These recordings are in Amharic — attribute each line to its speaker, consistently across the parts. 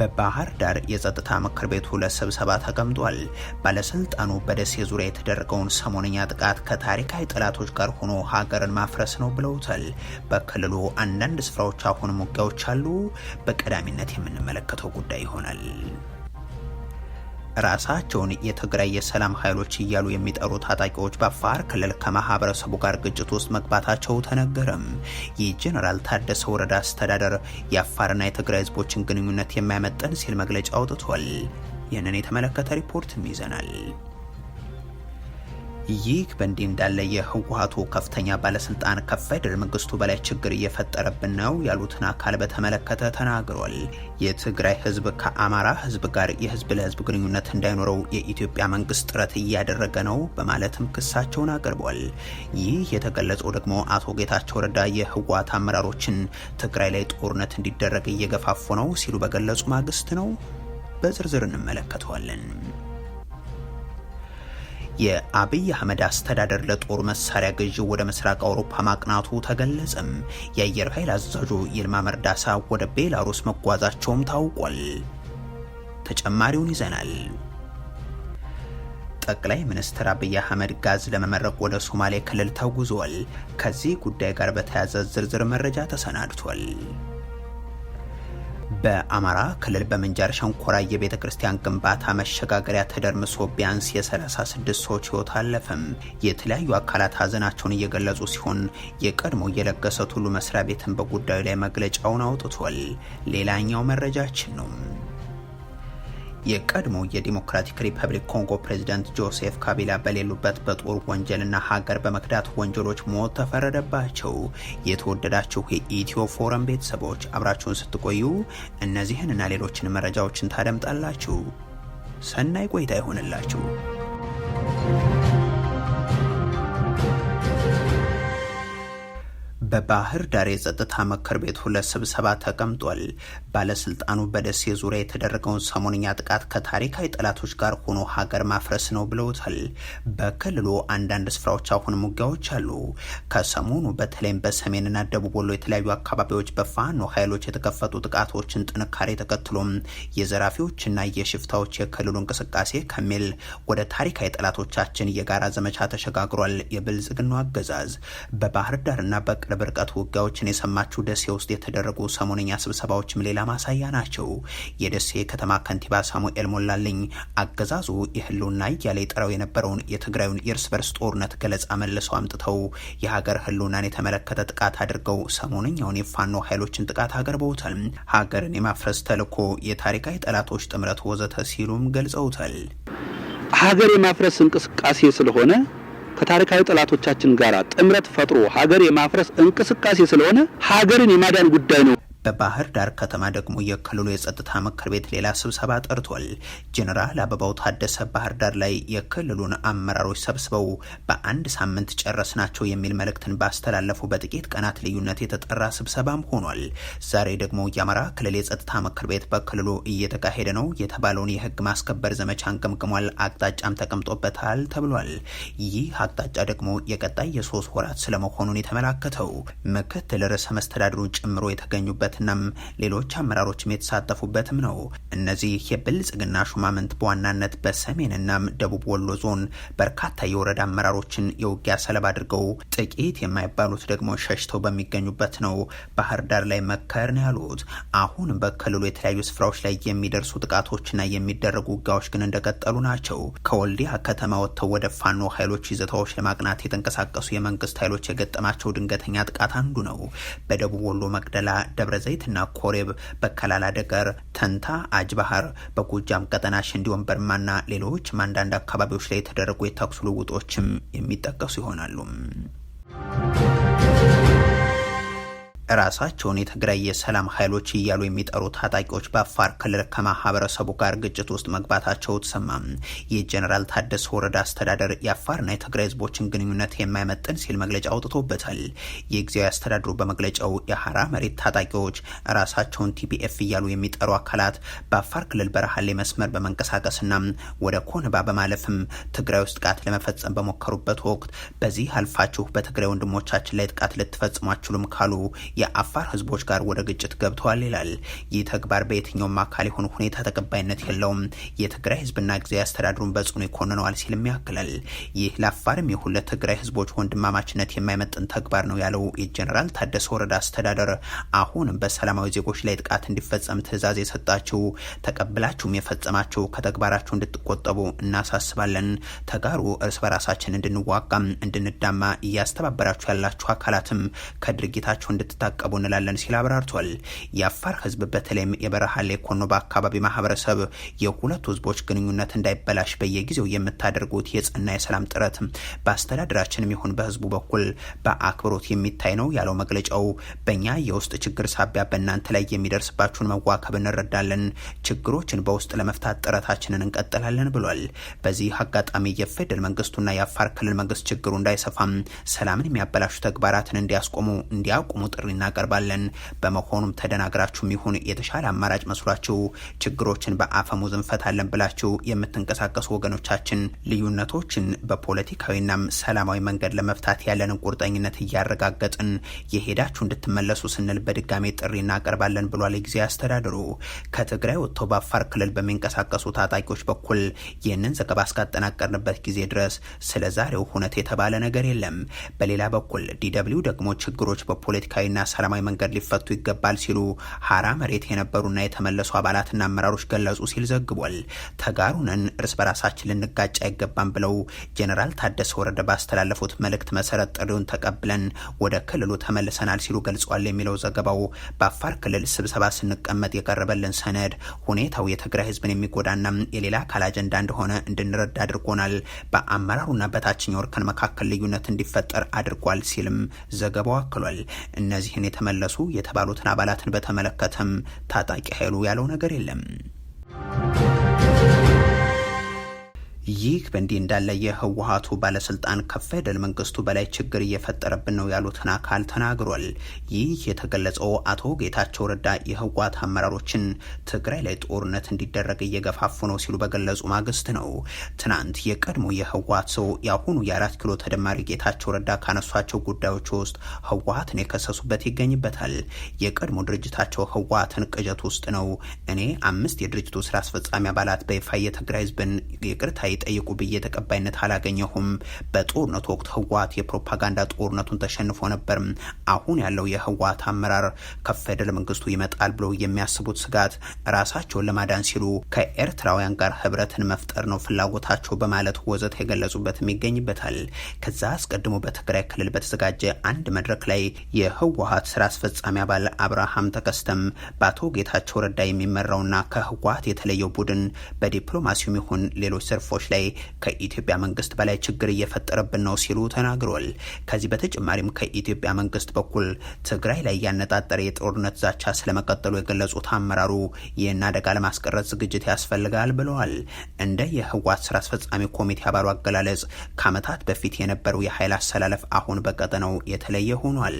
Speaker 1: በባህር ዳር የጸጥታ ምክር ቤቱ ለስብሰባ ተቀምጧል። ባለስልጣኑ በደሴ ዙሪያ የተደረገውን ሰሞነኛ ጥቃት ከታሪካዊ ጠላቶች ጋር ሆኖ ሀገርን ማፍረስ ነው ብለውታል። በክልሉ አንዳንድ ስፍራዎች አሁንም ውጊያዎች አሉ። በቀዳሚነት የምንመለከተው ጉዳይ ይሆናል። ራሳቸውን የትግራይ የሰላም ኃይሎች እያሉ የሚጠሩ ታጣቂዎች በአፋር ክልል ከማህበረሰቡ ጋር ግጭት ውስጥ መግባታቸው ተነገረም። የጀኔራል ታደሰ ወረዳ አስተዳደር የአፋርና የትግራይ ህዝቦችን ግንኙነት የማይመጠን ሲል መግለጫ አውጥቷል። ይህንን የተመለከተ ሪፖርትም ይዘናል። ይህ በእንዲህ እንዳለ የህወሀቱ ከፍተኛ ባለስልጣን ከፌደራል መንግስቱ በላይ ችግር እየፈጠረብን ነው ያሉትን አካል በተመለከተ ተናግሯል። የትግራይ ህዝብ ከአማራ ህዝብ ጋር የህዝብ ለህዝብ ግንኙነት እንዳይኖረው የኢትዮጵያ መንግስት ጥረት እያደረገ ነው በማለትም ክሳቸውን አቅርቧል። ይህ የተገለጸው ደግሞ አቶ ጌታቸው ረዳ የህወሀት አመራሮችን ትግራይ ላይ ጦርነት እንዲደረግ እየገፋፉ ነው ሲሉ በገለጹ ማግስት ነው። በዝርዝር እንመለከተዋለን። የአብይ አህመድ አስተዳደር ለጦር መሳሪያ ግዢው ወደ ምስራቅ አውሮፓ ማቅናቱ ተገለጸም። የአየር ኃይል አዛዡ ይልማ መርዳሳ ወደ ቤላሩስ መጓዛቸውም ታውቋል። ተጨማሪውን ይዘናል። ጠቅላይ ሚኒስትር አብይ አህመድ ጋዝ ለመመረቅ ወደ ሶማሌ ክልል ተጉዟል። ከዚህ ጉዳይ ጋር በተያያዘ ዝርዝር መረጃ ተሰናድቷል። በአማራ ክልል በምንጃር ሸንኮራ የቤተ ክርስቲያን ግንባታ መሸጋገሪያ ተደርምሶ ቢያንስ የ36 ሰዎች ህይወት አለፈም። የተለያዩ አካላት ሀዘናቸውን እየገለጹ ሲሆን የቀድሞ የለገሰ ሁሉ መስሪያ ቤትን በጉዳዩ ላይ መግለጫውን አውጥቷል። ሌላኛው መረጃችን ነው። የቀድሞ የዲሞክራቲክ ሪፐብሊክ ኮንጎ ፕሬዚደንት ጆሴፍ ካቢላ በሌሉበት በጦር ወንጀልና ሀገር በመክዳት ወንጀሎች ሞት ተፈረደባቸው። የተወደዳችሁ የኢትዮ ፎረም ቤተሰቦች አብራችሁን ስትቆዩ እነዚህን ሌሎችን መረጃዎችን ታደምጣላችሁ። ሰናይ ቆይታ ይሆንላችሁ። በባህር ዳር የጸጥታ ምክር ቤት ሁለት ስብሰባ ተቀምጧል። ባለስልጣኑ በደሴ ዙሪያ የተደረገውን ሰሞንኛ ጥቃት ከታሪካዊ ጠላቶች ጋር ሆኖ ሀገር ማፍረስ ነው ብለውታል። በክልሉ አንዳንድ ስፍራዎች አሁን ውጊያዎች አሉ። ከሰሞኑ በተለይም በሰሜንና ደቡብ ወሎ የተለያዩ አካባቢዎች በፋኖ ኃይሎች የተከፈቱ ጥቃቶችን ጥንካሬ ተከትሎም የዘራፊዎችና የሽፍታዎች የክልሉ እንቅስቃሴ ከሚል ወደ ታሪካዊ ጠላቶቻችን የጋራ ዘመቻ ተሸጋግሯል። የብልጽግናው አገዛዝ በባህር ዳርና በቅርብ በርቀት ውጊያዎችን የሰማችው ደሴ ውስጥ የተደረጉ ሰሞነኛ ስብሰባዎችም ሌላ ማሳያ ናቸው። የደሴ ከተማ ከንቲባ ሳሙኤል ሞላልኝ አገዛዙ የህልውና እያለ የጠራው የነበረውን የትግራዩን የእርስ በርስ ጦርነት ገለጻ መልሰው አምጥተው የሀገር ህልውናን የተመለከተ ጥቃት አድርገው ሰሞነኛውን የፋኖ ኃይሎችን ጥቃት አቅርበውታል። ሀገርን የማፍረስ ተልኮ የታሪካዊ ጠላቶች ጥምረት ወዘተ ሲሉም ገልጸውታል።
Speaker 2: ሀገር የማፍረስ እንቅስቃሴ ስለሆነ ከታሪካዊ ጠላቶቻችን ጋር ጥምረት ፈጥሮ ሀገር የማፍረስ እንቅስቃሴ ስለሆነ ሀገርን የማዳን ጉዳይ ነው
Speaker 1: በባህር ዳር ከተማ ደግሞ የክልሉ የጸጥታ ምክር ቤት ሌላ ስብሰባ ጠርቷል። ጀኔራል አበባው ታደሰ ባህር ዳር ላይ የክልሉን አመራሮች ሰብስበው በአንድ ሳምንት ጨረስ ናቸው የሚል መልእክትን ባስተላለፉ በጥቂት ቀናት ልዩነት የተጠራ ስብሰባም ሆኗል። ዛሬ ደግሞ የአማራ ክልል የጸጥታ ምክር ቤት በክልሉ እየተካሄደ ነው የተባለውን የህግ ማስከበር ዘመቻን ገምግሟል። አቅጣጫም ተቀምጦበታል ተብሏል። ይህ አቅጣጫ ደግሞ የቀጣይ የሶስት ወራት ስለመሆኑን የተመላከተው ምክትል ርዕሰ መስተዳድሩ ጨምሮ የተገኙበት በማለትናም ሌሎች አመራሮችም የተሳተፉበትም ነው። እነዚህ የብልጽግና ሹማምንት በዋናነት በሰሜንና ደቡብ ወሎ ዞን በርካታ የወረዳ አመራሮችን የውጊያ ሰለባ አድርገው ጥቂት የማይባሉት ደግሞ ሸሽተው በሚገኙበት ነው። ባህር ዳር ላይ መከር ነው ያሉት። አሁን በክልሉ የተለያዩ ስፍራዎች ላይ የሚደርሱ ጥቃቶችና የሚደረጉ ውጊያዎች ግን እንደቀጠሉ ናቸው። ከወልዲያ ከተማ ወጥተው ወደ ፋኖ ኃይሎች ይዘታዎች ለማቅናት የተንቀሳቀሱ የመንግስት ኃይሎች የገጠማቸው ድንገተኛ ጥቃት አንዱ ነው። በደቡብ ወሎ መቅደላ ደብረ ዘይትና ኮሬብ፣ በከላላ ደገር፣ ተንታ አጅባህር፣ በጎጃም ቀጠና ሽንዲ ወንበርማና ሌሎች አንዳንድ አካባቢዎች ላይ የተደረጉ የተኩስ ልውውጦችም የሚጠቀሱ ይሆናሉ። ራሳቸውን የትግራይ የሰላም ኃይሎች እያሉ የሚጠሩ ታጣቂዎች በአፋር ክልል ከማህበረሰቡ ጋር ግጭት ውስጥ መግባታቸው ተሰማ። የጀኔራል ታደሰ ወረዳ አስተዳደር የአፋርና የትግራይ ህዝቦችን ግንኙነት የማይመጥን ሲል መግለጫ አውጥቶበታል። የጊዜያዊ አስተዳድሩ በመግለጫው የሀራ መሬት ታጣቂዎች ራሳቸውን ቲፒኤፍ እያሉ የሚጠሩ አካላት በአፋር ክልል በረሃሌ መስመር በመንቀሳቀስና ወደ ኮንባ በማለፍም ትግራይ ውስጥ ጥቃት ለመፈጸም በሞከሩበት ወቅት በዚህ አልፋችሁ በትግራይ ወንድሞቻችን ላይ ጥቃት ልትፈጽሟችሉም ካሉ የአፋር ህዝቦች ጋር ወደ ግጭት ገብተዋል ይላል። ይህ ተግባር በየትኛውም አካል የሆነ ሁኔታ ተቀባይነት የለውም፣ የትግራይ ህዝብና ጊዜያዊ አስተዳደሩን በጽኑ ይኮንነዋል ሲልም ያክላል። ይህ ለአፋርም ይሁን ለትግራይ ህዝቦች ወንድማማችነት የማይመጥን ተግባር ነው ያለው የጀኔራል ታደሰ ወረዳ አስተዳደር አሁንም በሰላማዊ ዜጎች ላይ ጥቃት እንዲፈጸም ትእዛዝ የሰጣችው ተቀብላችሁም የፈጸማችሁ ከተግባራችሁ እንድትቆጠቡ እናሳስባለን። ተጋሩ እርስ በራሳችን እንድንዋጋም እንድንዳማ እያስተባበራችሁ ያላችሁ አካላትም ከድርጊታችሁ እንድትታ ታቀቡ እንላለን ሲል አብራርቷል። የአፋር ህዝብ በተለይም የበረሃሌ ኮኖባ አካባቢ ማህበረሰብ የሁለቱ ህዝቦች ግንኙነት እንዳይበላሽ በየጊዜው የምታደርጉት የጽና የሰላም ጥረት በአስተዳደራችንም ይሁን በህዝቡ በኩል በአክብሮት የሚታይ ነው ያለው መግለጫው፣ በእኛ የውስጥ ችግር ሳቢያ በእናንተ ላይ የሚደርስባችሁን መዋከብ እንረዳለን። ችግሮችን በውስጥ ለመፍታት ጥረታችንን እንቀጥላለን ብሏል። በዚህ አጋጣሚ የፌደራል መንግስቱና የአፋር ክልል መንግስት ችግሩ እንዳይሰፋም ሰላምን የሚያበላሹ ተግባራትን እንዲያስቆሙ እንዲያቁሙ ጥሪ እናቀርባለን። በመሆኑም ተደናግራችሁም ይሁን የተሻለ አማራጭ መስሏችሁ ችግሮችን በአፈሙዝ እንፈታለን ብላችሁ የምትንቀሳቀሱ ወገኖቻችን ልዩነቶችን በፖለቲካዊናም ሰላማዊ መንገድ ለመፍታት ያለንን ቁርጠኝነት እያረጋገጥን የሄዳችሁ እንድትመለሱ ስንል በድጋሜ ጥሪ እናቀርባለን ብሏል ጊዜ አስተዳደሩ። ከትግራይ ወጥቶ በአፋር ክልል በሚንቀሳቀሱ ታጣቂዎች በኩል ይህንን ዘገባ እስካጠናቀርንበት ጊዜ ድረስ ስለ ዛሬው ሁነት የተባለ ነገር የለም። በሌላ በኩል ዲደብሊው ደግሞ ችግሮች በፖለቲካዊና ሰላማዊ መንገድ ሊፈቱ ይገባል ሲሉ ሀራ መሬት የነበሩና የተመለሱ አባላትና አመራሮች ገለጹ ሲል ዘግቧል። ተጋሩንን እርስ በራሳችን ልንጋጭ አይገባም ብለው ጄኔራል ታደሰ ወረደ ባስተላለፉት መልእክት መሰረት ጥሪውን ተቀብለን ወደ ክልሉ ተመልሰናል ሲሉ ገልጿል የሚለው ዘገባው በአፋር ክልል ስብሰባ ስንቀመጥ የቀረበልን ሰነድ ሁኔታው የትግራይ ህዝብን የሚጎዳና የሌላ አካል አጀንዳ እንደሆነ እንድንረዳ አድርጎናል። በአመራሩና በታችኛው እርከን መካከል ልዩነት እንዲፈጠር አድርጓል ሲልም ዘገባው አክሏል። እነዚህ ፊሊፒን የተመለሱ የተባሉትን አባላትን በተመለከተም ታጣቂ ኃይሉ ያለው ነገር የለም። ይህ በእንዲህ እንዳለ የህወሀቱ ባለስልጣን ከፌደራል መንግስቱ በላይ ችግር እየፈጠረብን ነው ያሉትን አካል ተናግሯል። ይህ የተገለጸው አቶ ጌታቸው ረዳ የህወሀት አመራሮችን ትግራይ ላይ ጦርነት እንዲደረግ እየገፋፉ ነው ሲሉ በገለጹ ማግስት ነው። ትናንት የቀድሞ የህወሀት ሰው የአሁኑ የአራት ኪሎ ተደማሪ ጌታቸው ረዳ ካነሷቸው ጉዳዮች ውስጥ ህወሀትን የከሰሱበት ይገኝበታል። የቀድሞ ድርጅታቸው ህወሀትን ቅዠት ውስጥ ነው፣ እኔ አምስት የድርጅቱ ስራ አስፈጻሚ አባላት በይፋ የትግራይ ህዝብን ይቅርታ ይጠይቁ ብዬ ተቀባይነት አላገኘሁም። በጦርነቱ ወቅት ህወሓት የፕሮፓጋንዳ ጦርነቱን ተሸንፎ ነበር። አሁን ያለው የህወሓት አመራር ከፌደራል መንግስቱ ይመጣል ብለው የሚያስቡት ስጋት ራሳቸውን ለማዳን ሲሉ ከኤርትራውያን ጋር ህብረትን መፍጠር ነው ፍላጎታቸው በማለት ወዘት የገለጹበትም ይገኝበታል። ከዛ አስቀድሞ በትግራይ ክልል በተዘጋጀ አንድ መድረክ ላይ የህወሓት ስራ አስፈጻሚ አባል አብርሃም ተከስተም በአቶ ጌታቸው ረዳ የሚመራውና ከህወሓት የተለየው ቡድን በዲፕሎማሲውም ይሁን ሌሎች ዘርፎች ላይ ከኢትዮጵያ መንግስት በላይ ችግር እየፈጠረብን ነው ሲሉ ተናግሯል። ከዚህ በተጨማሪም ከኢትዮጵያ መንግስት በኩል ትግራይ ላይ ያነጣጠረ የጦርነት ዛቻ ስለመቀጠሉ የገለጹት አመራሩ ይህን አደጋ ለማስቀረት ዝግጅት ያስፈልጋል ብለዋል። እንደ የህወሓት ስራ አስፈጻሚ ኮሚቴ አባሉ አገላለጽ ከዓመታት በፊት የነበረው የኃይል አሰላለፍ አሁን በቀጠነው የተለየ ሆኗል።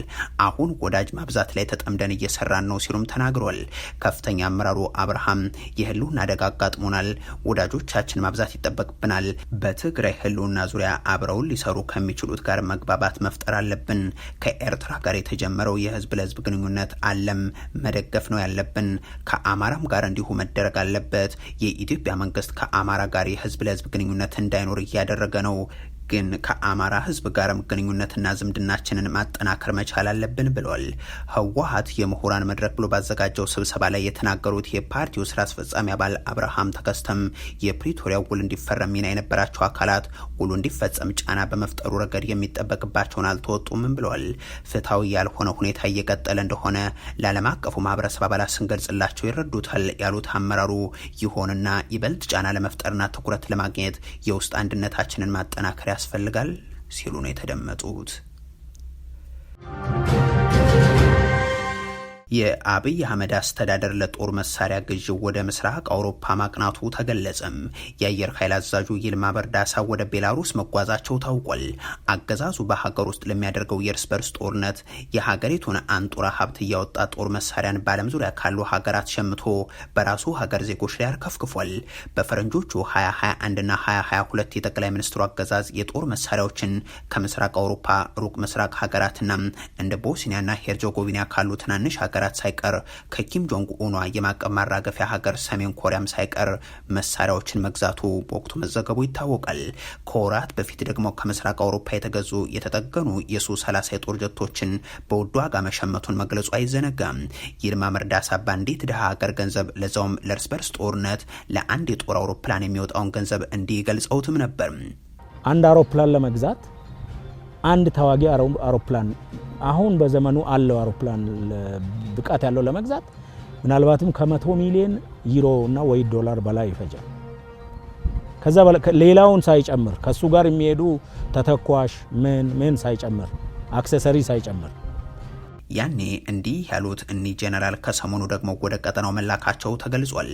Speaker 1: አሁን ወዳጅ ማብዛት ላይ ተጠምደን እየሰራን ነው ሲሉም ተናግሯል። ከፍተኛ አመራሩ አብርሃም የህልውና አደጋ አጋጥሞናል፣ ወዳጆቻችን ማብዛት ይጠበቅ ይኖርብናል። በትግራይ ህልውና ዙሪያ አብረውን ሊሰሩ ከሚችሉት ጋር መግባባት መፍጠር አለብን። ከኤርትራ ጋር የተጀመረው የህዝብ ለህዝብ ግንኙነት አለም መደገፍ ነው ያለብን። ከአማራም ጋር እንዲሁ መደረግ አለበት። የኢትዮጵያ መንግስት ከአማራ ጋር የህዝብ ለህዝብ ግንኙነት እንዳይኖር እያደረገ ነው። ግን ከአማራ ህዝብ ጋርም ግንኙነትና ዝምድናችንን ማጠናከር መቻል አለብን ብሏል። ህወሀት የምሁራን መድረክ ብሎ ባዘጋጀው ስብሰባ ላይ የተናገሩት የፓርቲው ስራ አስፈጻሚ አባል አብርሃም ተከስተም የፕሪቶሪያ ውል እንዲፈረም ሚና የነበራቸው አካላት ውሉ እንዲፈጸም ጫና በመፍጠሩ ረገድ የሚጠበቅባቸውን አልተወጡምም ብለዋል። ፍትሐዊ ያልሆነ ሁኔታ እየቀጠለ እንደሆነ ለዓለም አቀፉ ማህበረሰብ አባላት ስንገልጽላቸው ይረዱታል ያሉት አመራሩ፣ ይሆንና ይበልጥ ጫና ለመፍጠርና ትኩረት ለማግኘት የውስጥ አንድነታችንን ማጠናከሪያ ያስፈልጋል ሲሉ ነው የተደመጡት። የአብይ አህመድ አስተዳደር ለጦር መሳሪያ ግዥው ወደ ምስራቅ አውሮፓ ማቅናቱ ተገለጸም። የአየር ኃይል አዛዡ ይልማ በርዳሳ ወደ ቤላሩስ መጓዛቸው ታውቋል። አገዛዙ በሀገር ውስጥ ለሚያደርገው የእርስ በርስ ጦርነት የሀገሪቱን አንጡራ ሀብት እያወጣ ጦር መሳሪያን በዓለም ዙሪያ ካሉ ሀገራት ሸምቶ በራሱ ሀገር ዜጎች ላይ አርከፍክፏል። በፈረንጆቹ 2021ና 2022 የጠቅላይ ሚኒስትሩ አገዛዝ የጦር መሳሪያዎችን ከምስራቅ አውሮፓ ሩቅ ምስራቅ ሀገራትና እንደ ቦስኒያና ሄርዞጎቪና ካሉ ትናንሽ ሀገራት ሳይቀር ከኪም ጆንግ ኡኗ የማዕቀብ ማራገፊያ ሀገር ሰሜን ኮሪያም ሳይቀር መሳሪያዎችን መግዛቱ በወቅቱ መዘገቡ ይታወቃል። ከወራት በፊት ደግሞ ከምስራቅ አውሮፓ የተገዙ የተጠገኑ የሱ 30 የጦር ጀቶችን በውድ ዋጋ መሸመቱን መግለጹ አይዘነጋም። ይልማ መርዳሳ ባንዲት ድሃ ሀገር ገንዘብ ለዛውም ለእርስ በርስ ጦርነት ለአንድ የጦር አውሮፕላን የሚወጣውን ገንዘብ እንዲህ ገልጸውትም ነበር።
Speaker 3: አንድ አውሮፕላን ለመግዛት አንድ ተዋጊ አውሮፕላን አሁን በዘመኑ አለው አውሮፕላን ብቃት ያለው ለመግዛት ምናልባትም ከመቶ ሚሊዮን ዩሮ እና ወይ ዶላር በላይ ይፈጃል። ከዛ ሌላውን ሳይጨምር ከሱ ጋር የሚሄዱ ተተኳሽ ምን ምን ሳይጨምር አክሰሰሪ ሳይጨምር
Speaker 1: ያኔ እንዲህ ያሉት እኒህ ጄኔራል ከሰሞኑ ደግሞ ወደ ቀጠናው መላካቸው ተገልጿል።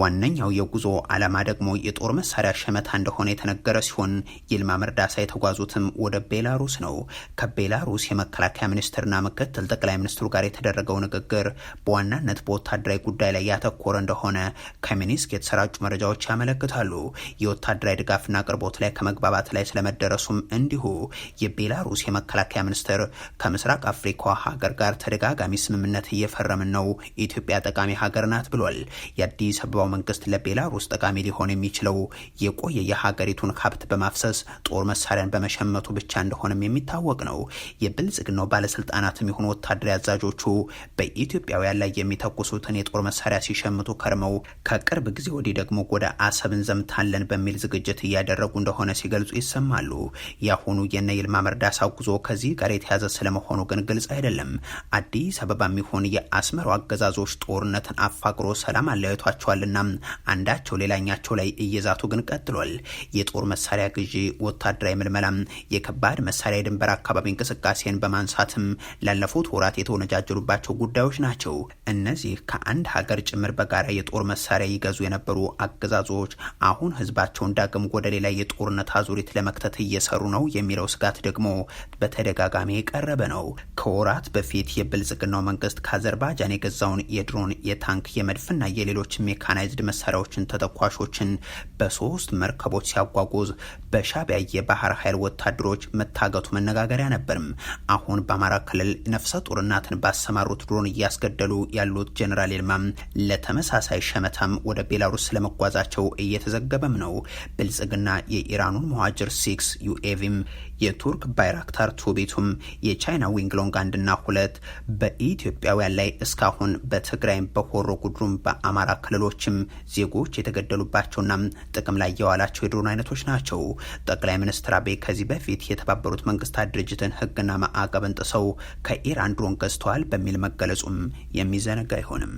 Speaker 1: ዋነኛው የጉዞ ዓላማ ደግሞ የጦር መሳሪያ ሸመታ እንደሆነ የተነገረ ሲሆን ይልማ መርዳሳ የተጓዙትም ወደ ቤላሩስ ነው። ከቤላሩስ የመከላከያ ሚኒስትርና ምክትል ጠቅላይ ሚኒስትሩ ጋር የተደረገው ንግግር በዋናነት በወታደራዊ ጉዳይ ላይ ያተኮረ እንደሆነ ከሚኒስክ የተሰራጩ መረጃዎች ያመለክታሉ። የወታደራዊ ድጋፍና አቅርቦት ላይ ከመግባባት ላይ ስለመደረሱም እንዲሁ የቤላሩስ የመከላከያ ሚኒስትር ከምስራቅ አፍሪካ ሀገር ጋር ተደጋጋሚ ስምምነት እየፈረምን ነው፣ ኢትዮጵያ ጠቃሚ ሀገር ናት ብሏል። የአዲስ የሊቢያው መንግስት ለቤላሩስ ጠቃሚ ሊሆን የሚችለው የቆየ የሀገሪቱን ሀብት በማፍሰስ ጦር መሳሪያን በመሸመቱ ብቻ እንደሆነም የሚታወቅ ነው። የብልጽግናው ባለስልጣናትም የሆኑ ወታደራዊ አዛዦቹ በኢትዮጵያውያን ላይ የሚተኩሱትን የጦር መሳሪያ ሲሸምቱ ከርመው ከቅርብ ጊዜ ወዲህ ደግሞ ወደ አሰብን ዘምታለን በሚል ዝግጅት እያደረጉ እንደሆነ ሲገልጹ ይሰማሉ። ያሁኑ የነ ይልማ መርዳሳ ጉዞ ከዚህ ጋር የተያዘ ስለመሆኑ ግን ግልጽ አይደለም። አዲስ አበባ የሚሆን የአስመራው አገዛዞች ጦርነትን አፋግሮ ሰላም አለያይቷቸዋል ይሆናልና አንዳቸው ሌላኛቸው ላይ እየዛቱ ግን ቀጥሏል። የጦር መሳሪያ ግዢ፣ ወታደራዊ ምልመላ፣ የከባድ መሳሪያ የድንበር አካባቢ እንቅስቃሴን በማንሳትም ላለፉት ወራት የተወነጃጀሉባቸው ጉዳዮች ናቸው። እነዚህ ከአንድ ሀገር ጭምር በጋራ የጦር መሳሪያ ይገዙ የነበሩ አገዛዞች አሁን ህዝባቸውን ዳግም ወደ ሌላ የጦርነት አዙሪት ለመክተት እየሰሩ ነው የሚለው ስጋት ደግሞ በተደጋጋሚ የቀረበ ነው። ከወራት በፊት የብልጽግናው መንግስት ከአዘርባጃን የገዛውን የድሮን የታንክ የመድፍና የሌሎች ሜካና ሜካናይዝድ መሳሪያዎችን ተተኳሾችን በሶስት መርከቦች ሲያጓጉዝ በሻቢያ የባህር ኃይል ወታደሮች መታገቱ መነጋገሪያ ነበርም። አሁን በአማራ ክልል ነፍሰ ጡር እናትን ባሰማሩት ድሮን እያስገደሉ ያሉት ጀኔራል ይልማም ለተመሳሳይ ሸመታም ወደ ቤላሩስ ስለመጓዛቸው እየተዘገበም ነው። ብልጽግና የኢራኑን መዋጅር ሲክስ ዩኤቪም የቱርክ ባይራክታር ቱቢቱም የቻይና ዊንግሎንግ አንድና ሁለት በኢትዮጵያውያን ላይ እስካሁን በትግራይም በሆሮ ጉድሩም በአማራ ክልሎችም ዜጎች የተገደሉባቸውና ጥቅም ላይ የዋላቸው የድሮን አይነቶች ናቸው። ጠቅላይ ሚኒስትር አብይ ከዚህ በፊት የተባበሩት መንግስታት ድርጅትን ህግና ማዕቀብን ጥሰው ከኢራን ድሮን ገዝተዋል በሚል መገለጹም የሚዘነጋ አይሆንም።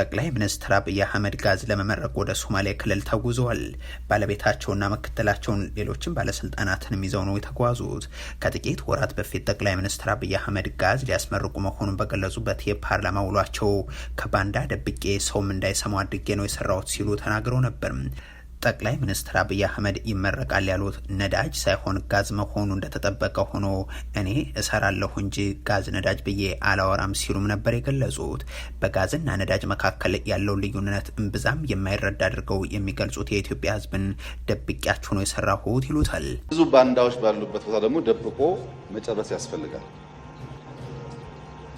Speaker 1: ጠቅላይ ሚኒስትር አብይ አህመድ ጋዝ ለመመረቅ ወደ ሶማሌ ክልል ተጉዘዋል። ባለቤታቸውና ምክትላቸውን ሌሎችም ባለስልጣናትን ይዘው ነው የተጓዙት። ከጥቂት ወራት በፊት ጠቅላይ ሚኒስትር አብይ አህመድ ጋዝ ሊያስመርቁ መሆኑን በገለጹበት የፓርላማ ውሏቸው ከባንዳ ደብቄ ሰውም እንዳይሰማው አድርጌ ነው የሰራሁት ሲሉ ተናግረው ነበር። ጠቅላይ ሚኒስትር አብይ አህመድ ይመረቃል ያሉት ነዳጅ ሳይሆን ጋዝ መሆኑ እንደተጠበቀ ሆኖ እኔ እሰራለሁ እንጂ ጋዝ ነዳጅ ብዬ አላወራም ሲሉም ነበር የገለጹት። በጋዝና ነዳጅ መካከል ያለው ልዩነት እምብዛም የማይረዳ አድርገው የሚገልጹት የኢትዮጵያ ሕዝብን ደብቂያችሁ ነው የሰራሁት ይሉታል።
Speaker 4: ብዙ ባንዳዎች ባሉበት ቦታ ደግሞ ደብቆ መጨረስ ያስፈልጋል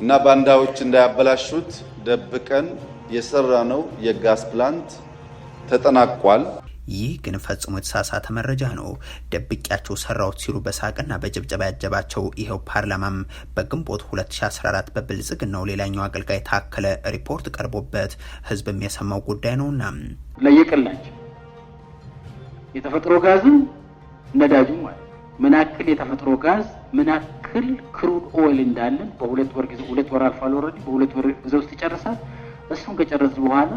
Speaker 4: እና ባንዳዎች እንዳያበላሹት ደብቀን የሰራ ነው የጋዝ ፕላንት ተጠናቋል።
Speaker 1: ይህ ግን ፈጽሞ የተሳሳተ መረጃ ነው፣ ደብቂያቸው ሰራሁት ሲሉ በሳቅና በጭብጨባ ያጀባቸው ይኸው ፓርላማም በግንቦት 2014 በብልጽግናው ሌላኛው አገልጋይ ታከለ ሪፖርት ቀርቦበት ህዝብም የሰማው ጉዳይ ነውና
Speaker 5: ለየቅላቸው የተፈጥሮ ጋዝም ነዳጁ ማለት ምን ያክል የተፈጥሮ ጋዝ ምን ያክል ክሩድ ኦይል እንዳለን በሁለት ወር ጊዜ ሁለት ወር አልፏል። ኦልሬዲ በሁለት ወር ጊዜ ውስጥ ይጨርሳል። እሱን ከጨረስ በኋላ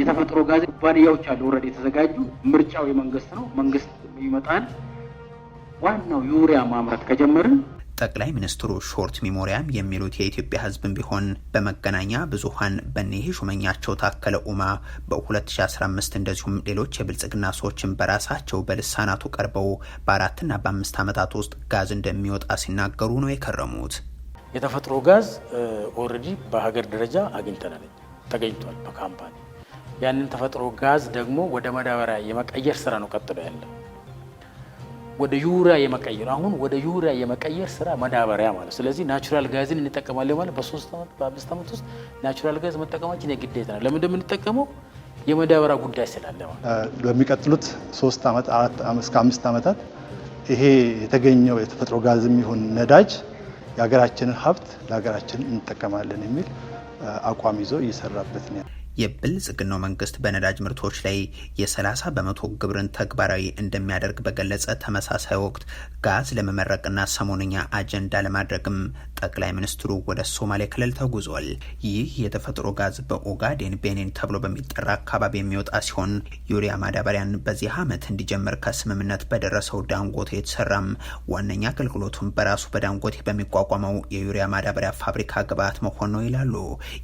Speaker 5: የተፈጥሮ ጋዝ ኩባንያዎች አሉ ረድ የተዘጋጁ። ምርጫው የመንግስት ነው። መንግስት ይመጣል። ዋናው ዩሪያ ማምረት ከጀመርን
Speaker 1: ጠቅላይ ሚኒስትሩ ሾርት ሚሞሪያም የሚሉት የኢትዮጵያ ሕዝብም ቢሆን በመገናኛ ብዙሀን በኒህ ሹመኛቸው ታከለ ኡማ በ2015 እንደዚሁም ሌሎች የብልጽግና ሰዎችን በራሳቸው በልሳናቱ ቀርበው በአራትና በአምስት ዓመታት ውስጥ ጋዝ እንደሚወጣ ሲናገሩ ነው የከረሙት።
Speaker 5: የተፈጥሮ ጋዝ ኦልሬዲ በሀገር ደረጃ አግኝተናል፣ ተገኝቷል በካምፓኒ ያንን ተፈጥሮ ጋዝ ደግሞ ወደ ማዳበሪያ የመቀየር ስራ ነው ቀጥሎ ያለ ወደ ዩሪያ የመቀየር አሁን ወደ ዩሪያ የመቀየር ስራ ማዳበሪያ ማለት። ስለዚህ ናቹራል ጋዝን እንጠቀማለን ማለት በሶስት ዓመት በአምስት ዓመት ውስጥ ናቹራል ጋዝ መጠቀማችን የግዴታ ነው። ለምን እንደምንጠቀመው የማዳበሪያ ጉዳይ ስላለ ማለት በሚቀጥሉት ሶስት ዓመት አራት እስከ አምስት ዓመታት ይሄ የተገኘው የተፈጥሮ ጋዝ የሚሆን ነዳጅ የሀገራችንን ሀብት ለሀገራችን እንጠቀማለን የሚል አቋም ይዞ እየሰራበት ነው።
Speaker 1: የብልጽግናው መንግስት በነዳጅ ምርቶች ላይ የ30 በመቶ ግብርን ተግባራዊ እንደሚያደርግ በገለጸ ተመሳሳይ ወቅት ጋዝ ለመመረቅና ሰሞንኛ አጀንዳ ለማድረግም ጠቅላይ ሚኒስትሩ ወደ ሶማሌ ክልል ተጉዟል። ይህ የተፈጥሮ ጋዝ በኦጋዴን ቤኔን ተብሎ በሚጠራ አካባቢ የሚወጣ ሲሆን ዩሪያ ማዳበሪያን በዚህ ዓመት እንዲጀምር ከስምምነት በደረሰው ዳንጎቴ የተሰራም ዋነኛ አገልግሎቱን በራሱ በዳንጎቴ በሚቋቋመው የዩሪያ ማዳበሪያ ፋብሪካ ግብዓት መሆን ነው ይላሉ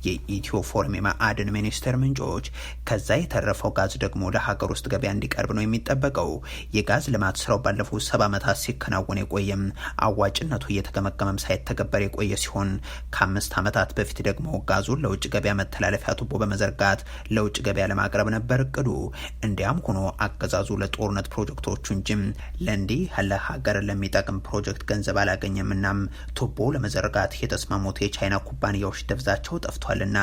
Speaker 1: የኢትዮ ፎርም የማዕድን ሚኒስትር ሚኒስቴር ምንጮች። ከዛ የተረፈው ጋዝ ደግሞ ለሀገር ውስጥ ገበያ እንዲቀርብ ነው የሚጠበቀው። የጋዝ ልማት ስራው ባለፉት ሰባ ዓመታት ሲከናወን የቆየም አዋጭነቱ እየተገመገመም ሳይተገበር የቆየ ሲሆን ከአምስት ዓመታት በፊት ደግሞ ጋዙን ለውጭ ገበያ መተላለፊያ ቱቦ በመዘርጋት ለውጭ ገበያ ለማቅረብ ነበር እቅዱ። እንዲያም ሆኖ አገዛዙ ለጦርነት ፕሮጀክቶቹ እንጂም ለእንዲህ ያለ ሀገር ለሚጠቅም ፕሮጀክት ገንዘብ አላገኘም። እናም ቱቦ ለመዘርጋት የተስማሙት የቻይና ኩባንያዎች ደብዛቸው ጠፍቷልና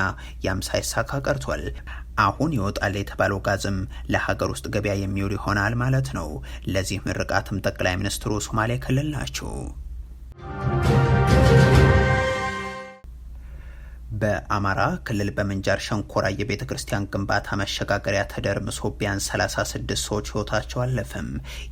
Speaker 1: ያም ሳይሳካ ቀርቷል። ተሰምቷል። አሁን ይወጣል የተባለው ጋዝም ለሀገር ውስጥ ገበያ የሚውል ይሆናል ማለት ነው። ለዚህ ምርቃትም ጠቅላይ ሚኒስትሩ ሶማሌ ክልል ናቸው። በአማራ ክልል በምንጃር ሸንኮራ የቤተ ክርስቲያን ግንባታ መሸጋገሪያ ተደርምሶ ቢያንስ 36 ሰዎች ህይወታቸው አለፈም።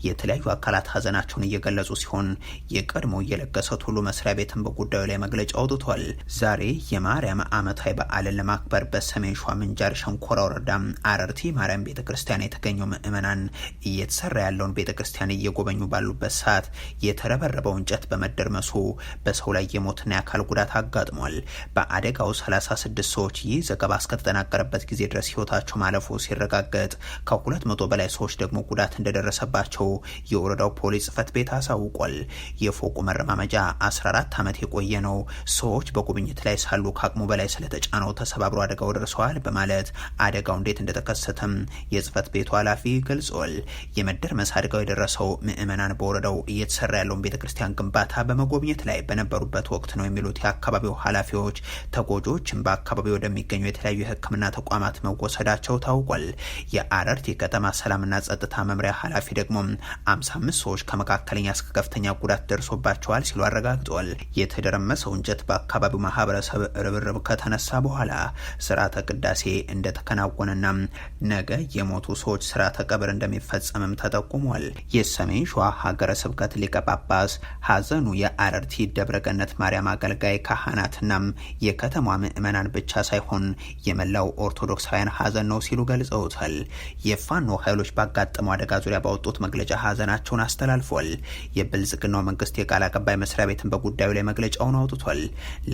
Speaker 1: የተለያዩ አካላት ሀዘናቸውን እየገለጹ ሲሆን የቀድሞ የለገሰ ሁሉ መስሪያ ቤትን በጉዳዩ ላይ መግለጫ አውጥቷል። ዛሬ የማርያም ዓመታዊ በዓልን ለማክበር በሰሜን ሸዋ ምንጃር ሸንኮራ ወረዳ አረርቲ ማርያም ቤተ ክርስቲያን የተገኙ ምዕመናን እየተሰራ ያለውን ቤተ ክርስቲያን እየጎበኙ ባሉበት ሰዓት የተረበረበው እንጨት በመደርመሱ በሰው ላይ የሞትና የአካል ጉዳት አጋጥሟል። በአደጋ አደጋው 36 ሰዎች ይህ ዘገባ እስከተጠናቀረበት ጊዜ ድረስ ህይወታቸው ማለፉ ሲረጋገጥ ከ200 በላይ ሰዎች ደግሞ ጉዳት እንደደረሰባቸው የወረዳው ፖሊስ ጽፈት ቤት አሳውቋል። የፎቁ መረማመጃ 14 ዓመት የቆየ ነው። ሰዎች በጉብኝት ላይ ሳሉ ከአቅሙ በላይ ስለተጫነው ተሰባብሮ አደጋው ደርሰዋል በማለት አደጋው እንዴት እንደተከሰተም የጽፈት ቤቱ ኃላፊ ገልጿል። የመደርመስ አደጋው የደረሰው ምዕመናን በወረዳው እየተሰራ ያለውን ቤተክርስቲያን ግንባታ በመጎብኘት ላይ በነበሩበት ወቅት ነው የሚሉት የአካባቢው ኃላፊዎች ተጎ ተጎጂዎችን በአካባቢ ወደሚገኙ የተለያዩ የሕክምና ተቋማት መወሰዳቸው ታውቋል። የአረርቲ ከተማ ሰላምና ጸጥታ መምሪያ ኃላፊ ደግሞ 55 ሰዎች ከመካከለኛ እስከ ከፍተኛ ጉዳት ደርሶባቸዋል ሲሉ አረጋግጠዋል። የተደረመሰው እንጨት በአካባቢው ማህበረሰብ ርብርብ ከተነሳ በኋላ ስርዓተ ቅዳሴ እንደተከናወነና ነገ የሞቱ ሰዎች ስርዓተ ቀብር እንደሚፈጸምም ተጠቁሟል። የሰሜን ሸዋ ሀገረ ስብከት ሊቀ ጳጳስ ሀዘኑ የአረርቲ ደብረገነት ማርያም አገልጋይ ካህናትና የከተማ የኢማሟ ምእመናን ብቻ ሳይሆን የመላው ኦርቶዶክሳውያን ሀዘን ነው ሲሉ ገልጸውታል። የፋኖ ኃይሎች ባጋጠመው አደጋ ዙሪያ ባወጡት መግለጫ ሀዘናቸውን አስተላልፏል። የብልጽግናው መንግስት የቃል አቀባይ መስሪያ ቤትን በጉዳዩ ላይ መግለጫውን አውጥቷል።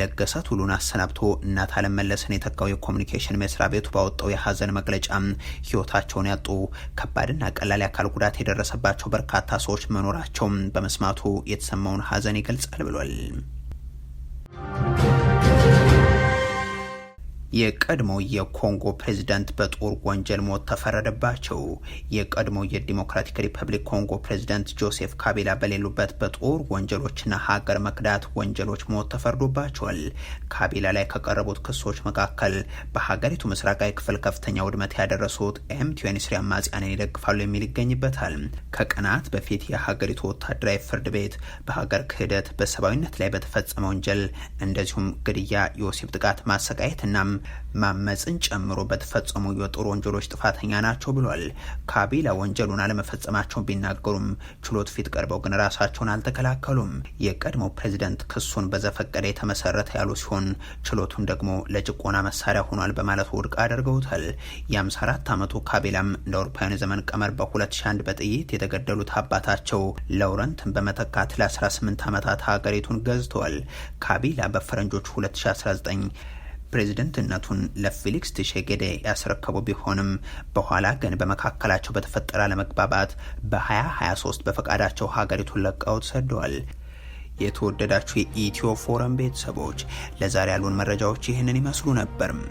Speaker 1: ለገሰ ቱሉን አሰናብቶ እናት አለም መለስን የተካው የኮሚኒኬሽን መስሪያ ቤቱ ባወጣው የሀዘን መግለጫ ህይወታቸውን ያጡ ከባድና ቀላል የአካል ጉዳት የደረሰባቸው በርካታ ሰዎች መኖራቸውም በመስማቱ የተሰማውን ሀዘን ይገልጻል ብሏል። የቀድሞው የኮንጎ ፕሬዝዳንት በጦር ወንጀል ሞት ተፈረደባቸው። የቀድሞው የዲሞክራቲክ ሪፐብሊክ ኮንጎ ፕሬዝዳንት ጆሴፍ ካቢላ በሌሉበት በጦር ወንጀሎችና ሀገር መክዳት ወንጀሎች ሞት ተፈርዶባቸዋል። ካቢላ ላይ ከቀረቡት ክሶች መካከል በሀገሪቱ ምስራቃዊ ክፍል ከፍተኛ ውድመት ያደረሱት ኤም አማጽያንን ይደግፋሉ የሚል ይገኝበታል። ከቀናት በፊት የሀገሪቱ ወታደራዊ ፍርድ ቤት በሀገር ክህደት፣ በሰብአዊነት ላይ በተፈጸመ ወንጀል እንደዚሁም ግድያ፣ የወሲብ ጥቃት፣ ማሰቃየትናም ማመፅን ጨምሮ በተፈጸሙ የጦር ወንጀሎች ጥፋተኛ ናቸው ብሏል። ካቢላ ወንጀሉን አለመፈጸማቸውን ቢናገሩም ችሎት ፊት ቀርበው ግን ራሳቸውን አልተከላከሉም። የቀድሞ ፕሬዚደንት ክሱን በዘፈቀደ የተመሰረተ ያሉ ሲሆን ችሎቱን ደግሞ ለጭቆና መሳሪያ ሆኗል በማለት ውድቅ አድርገውታል። የ54 ዓመቱ ካቢላም እንደ አውሮፓውያን ዘመን ቀመር በ2001 በጥይት የተገደሉት አባታቸው ለውረንትን በመተካት ለ18 ዓመታት ሀገሪቱን ገዝተዋል። ካቢላ በፈረንጆች 2019 ፕሬዝደንትነቱን ለፌሊክስ ትሸገዴ ያስረከቡ ቢሆንም በኋላ ግን በመካከላቸው በተፈጠረ አለመግባባት በ2023 በፈቃዳቸው ሀገሪቱን ለቀው ተሰደዋል። የተወደዳችሁ የኢትዮ ፎረም ቤተሰቦች ለዛሬ ያሉን መረጃዎች ይህንን ይመስሉ ነበርም።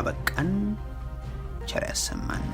Speaker 1: አበቃን። ቸር ያሰማን።